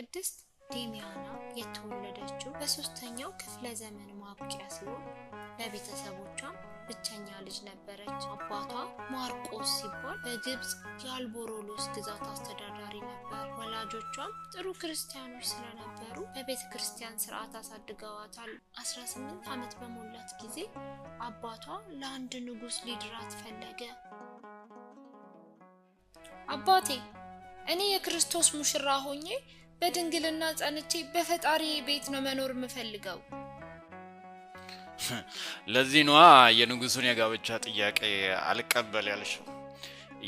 ቅድስት ዴሚያና የተወለደችው በሶስተኛው ክፍለ ዘመን ማብቂያ ሲሆን ለቤተሰቦቿም ብቸኛ ልጅ ነበረች። አባቷ ማርቆስ ሲባል በግብፅ የአልቦሮሎስ ግዛት አስተዳዳሪ ነበር። ወላጆቿም ጥሩ ክርስቲያኖች ስለነበሩ በቤተ ክርስቲያን ስርዓት አሳድገዋታል። 18 ዓመት በሞላት ጊዜ አባቷ ለአንድ ንጉሥ ሊድራት ፈለገ። አባቴ እኔ የክርስቶስ ሙሽራ ሆኜ በድንግልና ጸንቼ በፈጣሪ ቤት ነው መኖር የምፈልገው። ለዚህ ነዋ የንጉሱን የጋብቻ ጥያቄ አልቀበል ያልሽው።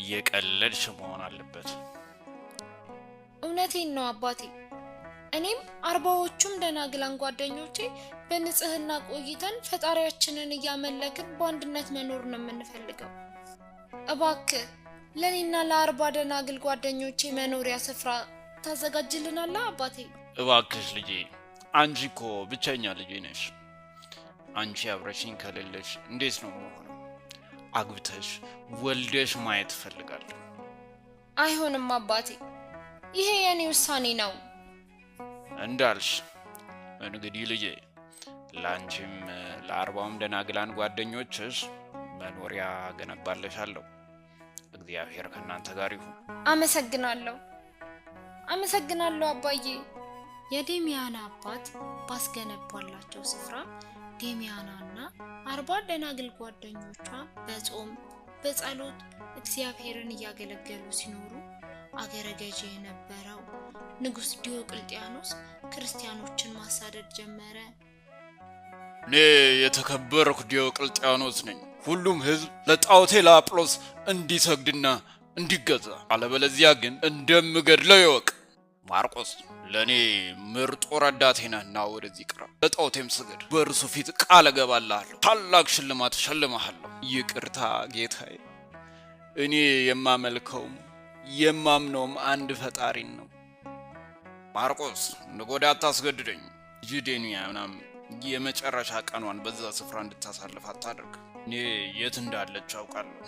እየቀለድሽ መሆን አለበት። እውነቴን ነው አባቴ። እኔም አርባዎቹም ደናግላን ጓደኞቼ በንጽህና ቆይተን ፈጣሪያችንን እያመለክን በአንድነት መኖር ነው የምንፈልገው። እባክህ ለእኔና ለአርባ ደናግል ጓደኞቼ መኖሪያ ስፍራ ታዘጋጅልናላ አባቴ። እባክሽ ልጄ፣ አንቺ እኮ ብቸኛ ልጄ ነሽ። አንቺ አብረሽኝ ከሌለሽ እንዴት ነው መሆነው? አግብተሽ ወልደሽ ማየት እፈልጋለሁ። አይሆንም አባቴ፣ ይሄ የኔ ውሳኔ ነው። እንዳልሽ እንግዲህ ልጄ፣ ለአንቺም ለአርባውም ደናግላን ጓደኞችሽ መኖሪያ ገነባለሻለሁ። እግዚአብሔር ከእናንተ ጋር ይሁን። አመሰግናለሁ። አመሰግናለሁ አባዬ። የዴሚያና አባት ባስገነባላቸው ስፍራ ዴሚያናና አርባ ደናግል ጓደኞቿ በጾም በጸሎት እግዚአብሔርን እያገለገሉ ሲኖሩ አገረ ገዢ የነበረው ንጉሥ ዲዮቅልጥያኖስ ክርስቲያኖችን ማሳደድ ጀመረ። እኔ የተከበርኩ ዲዮቅልጥያኖስ ነኝ። ሁሉም ሕዝብ ለጣዖቴ ለአጵሎስ እንዲሰግድና እንዲገዛ፣ አለበለዚያ ግን እንደምገድለው ይወቅ። ማርቆስ ለእኔ ምርጡ ረዳቴ ነህና ወደዚህ ቅረብ፣ ለጣዖቴም ስገድ። በእርሱ ፊት ቃል እገባልሃለሁ፣ ታላቅ ሽልማት እሸልምሃለሁ። ይቅርታ ጌታዬ፣ እኔ የማመልከውም የማምነውም አንድ ፈጣሪን ነው። ማርቆስ ንጎዳ አታስገድደኝ። ምናም የመጨረሻ ቀኗን በዛ ስፍራ እንድታሳልፍ አታደርግ። እኔ የት እንዳለች አውቃለሁ።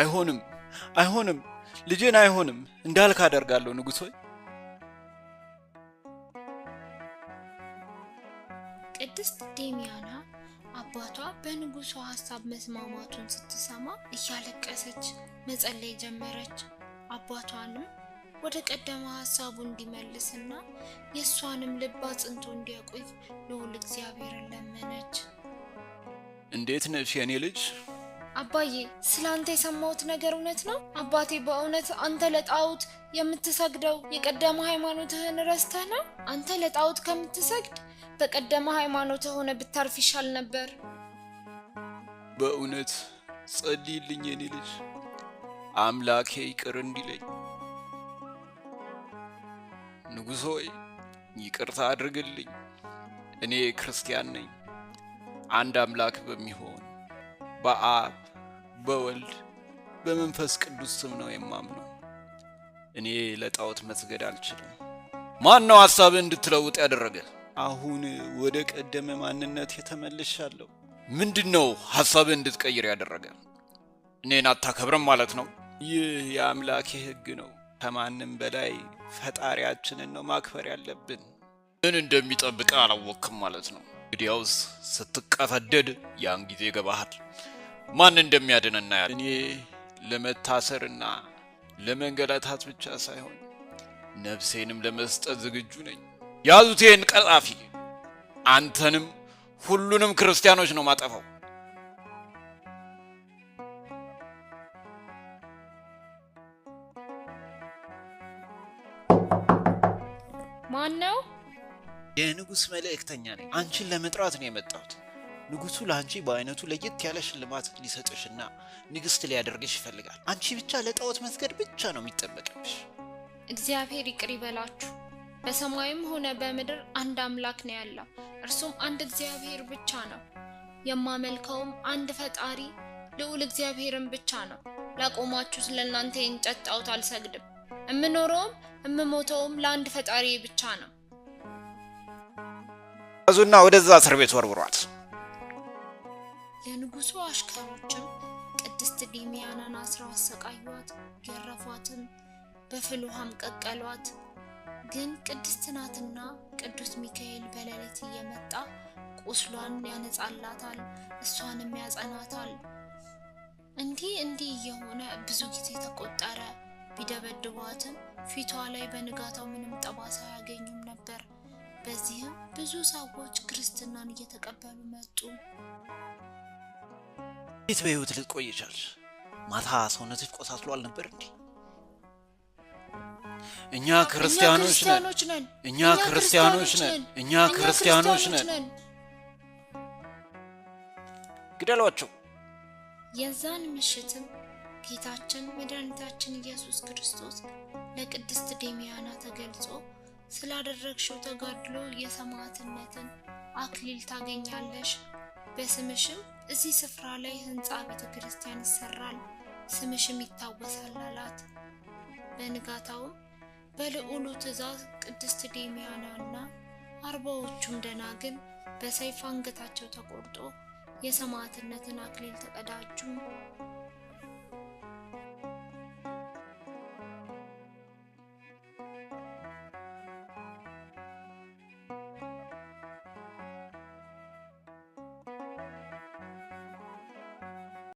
አይሆንም፣ አይሆንም ልጄን አይሆንም እንዳልክ አደርጋለሁ ንጉሥ ሆይ። ቅድስት ዴሚያና አባቷ በንጉሷ ሀሳብ መስማማቱን ስትሰማ እያለቀሰች መጸለይ ጀመረች። አባቷንም ወደ ቀደመ ሀሳቡ እንዲመልስና የእሷንም ልብ አጽንቶ እንዲያቆይ ልዑል እግዚአብሔርን ለመነች። እንዴት ነሽ የኔ ልጅ? አባዬ ስለ አንተ የሰማሁት ነገር እውነት ነው? አባቴ በእውነት አንተ ለጣዖት የምትሰግደው የቀደመ ሃይማኖትህን ረስተህ ነው? አንተ ለጣዖት ከምትሰግድ በቀደመ ሃይማኖት ሆነ ብታርፍ ይሻል ነበር። በእውነት ጸልይልኝ የኔ ልጅ፣ አምላኬ ይቅር እንዲለኝ። ንጉሥ ሆይ ይቅርታ አድርግልኝ። እኔ ክርስቲያን ነኝ። አንድ አምላክ በሚሆን በአብ በወልድ በመንፈስ ቅዱስ ስም ነው የማምነው። እኔ ለጣዖት መስገድ አልችልም። ማን ነው ሐሳብህ እንድትለውጥ ያደረገ? አሁን ወደ ቀደመ ማንነት የተመልሻለሁ። ምንድን ነው ሐሳብህ እንድትቀይር ያደረገ? እኔን አታከብርም ማለት ነው? ይህ የአምላኬ ሕግ ነው። ከማንም በላይ ፈጣሪያችንን ነው ማክበር ያለብን። ምን እንደሚጠብቀ አላወቅም ማለት ነው። እንግዲያውስ ስትቀፈደድ ያን ጊዜ ገባሃል። ማን እንደሚያድን እናያለን። እኔ ለመታሰርና ለመንገላታት ብቻ ሳይሆን ነፍሴንም ለመስጠት ዝግጁ ነኝ። ያዙት ይህን ቀጣፊ። አንተንም ሁሉንም ክርስቲያኖች ነው ማጠፋው። ማን ነው? የንጉሥ መልእክተኛ ነኝ። አንቺን ለመጥራት ነው የመጣሁት። ንጉሱ ለአንቺ በአይነቱ ለየት ያለ ሽልማት ሊሰጥሽና ንግስት ሊያደርግሽ ይፈልጋል። አንቺ ብቻ ለጣዖት መስገድ ብቻ ነው የሚጠበቅብሽ። እግዚአብሔር ይቅር ይበላችሁ። በሰማይም ሆነ በምድር አንድ አምላክ ነው ያለው፣ እርሱም አንድ እግዚአብሔር ብቻ ነው። የማመልከውም አንድ ፈጣሪ ልዑል እግዚአብሔርን ብቻ ነው። ላቆማችሁ ስለእናንተ የእንጨት ጣዖት አልሰግድም። እምኖረውም እምሞተውም ለአንድ ፈጣሪ ብቻ ነው። እዙና ወደዛ እስር ቤት ወርውሯት። የንጉሱ አሽከሮችም ቅድስት ዲሚያናን አስረው አሰቃዩአት፣ ገረፏትም፣ በፍል ውሃም ቀቀሏት። ግን ቅድስት ናትና ቅዱስ ሚካኤል በሌሊት እየመጣ ቁስሏን ያነጻላታል፣ እሷንም ያጸናታል። እንዲህ እንዲህ እየሆነ ብዙ ጊዜ ተቆጠረ። ቢደበድቧትም ፊቷ ላይ በንጋታው ምንም ጠባሳ አያገኙም ነበር። በዚህም ብዙ ሰዎች ክርስትናን እየተቀበሉ መጡ። እንዴት በህይወት ልትቆይ ይቻል ማታ ሰውነትሽ ቆሳስሎ አልነበር እንዴ? እኛ ክርስቲያኖች ነን፣ እኛ ክርስቲያኖች ነን፣ እኛ ክርስቲያኖች ነን። ግደሏቸው። የዛን ምሽትም ጌታችን መድኃኒታችን ኢየሱስ ክርስቶስ ለቅድስት ዴሚያና ተገልጾ ስላደረግሽው ተጋድሎ የሰማዕትነትን አክሊል ታገኛለሽ በስምሽም እዚህ ስፍራ ላይ ህንፃ ቤተ ክርስቲያን ይሰራል፣ ስምሽም ይታወሳል አላት። በንጋታውም በልዑሉ ትእዛዝ ቅድስት ዴሚያናና አርባዎቹም ደናግል በሰይፍ አንገታቸው ተቆርጦ የሰማዕትነትን አክሊል ተቀዳጁ።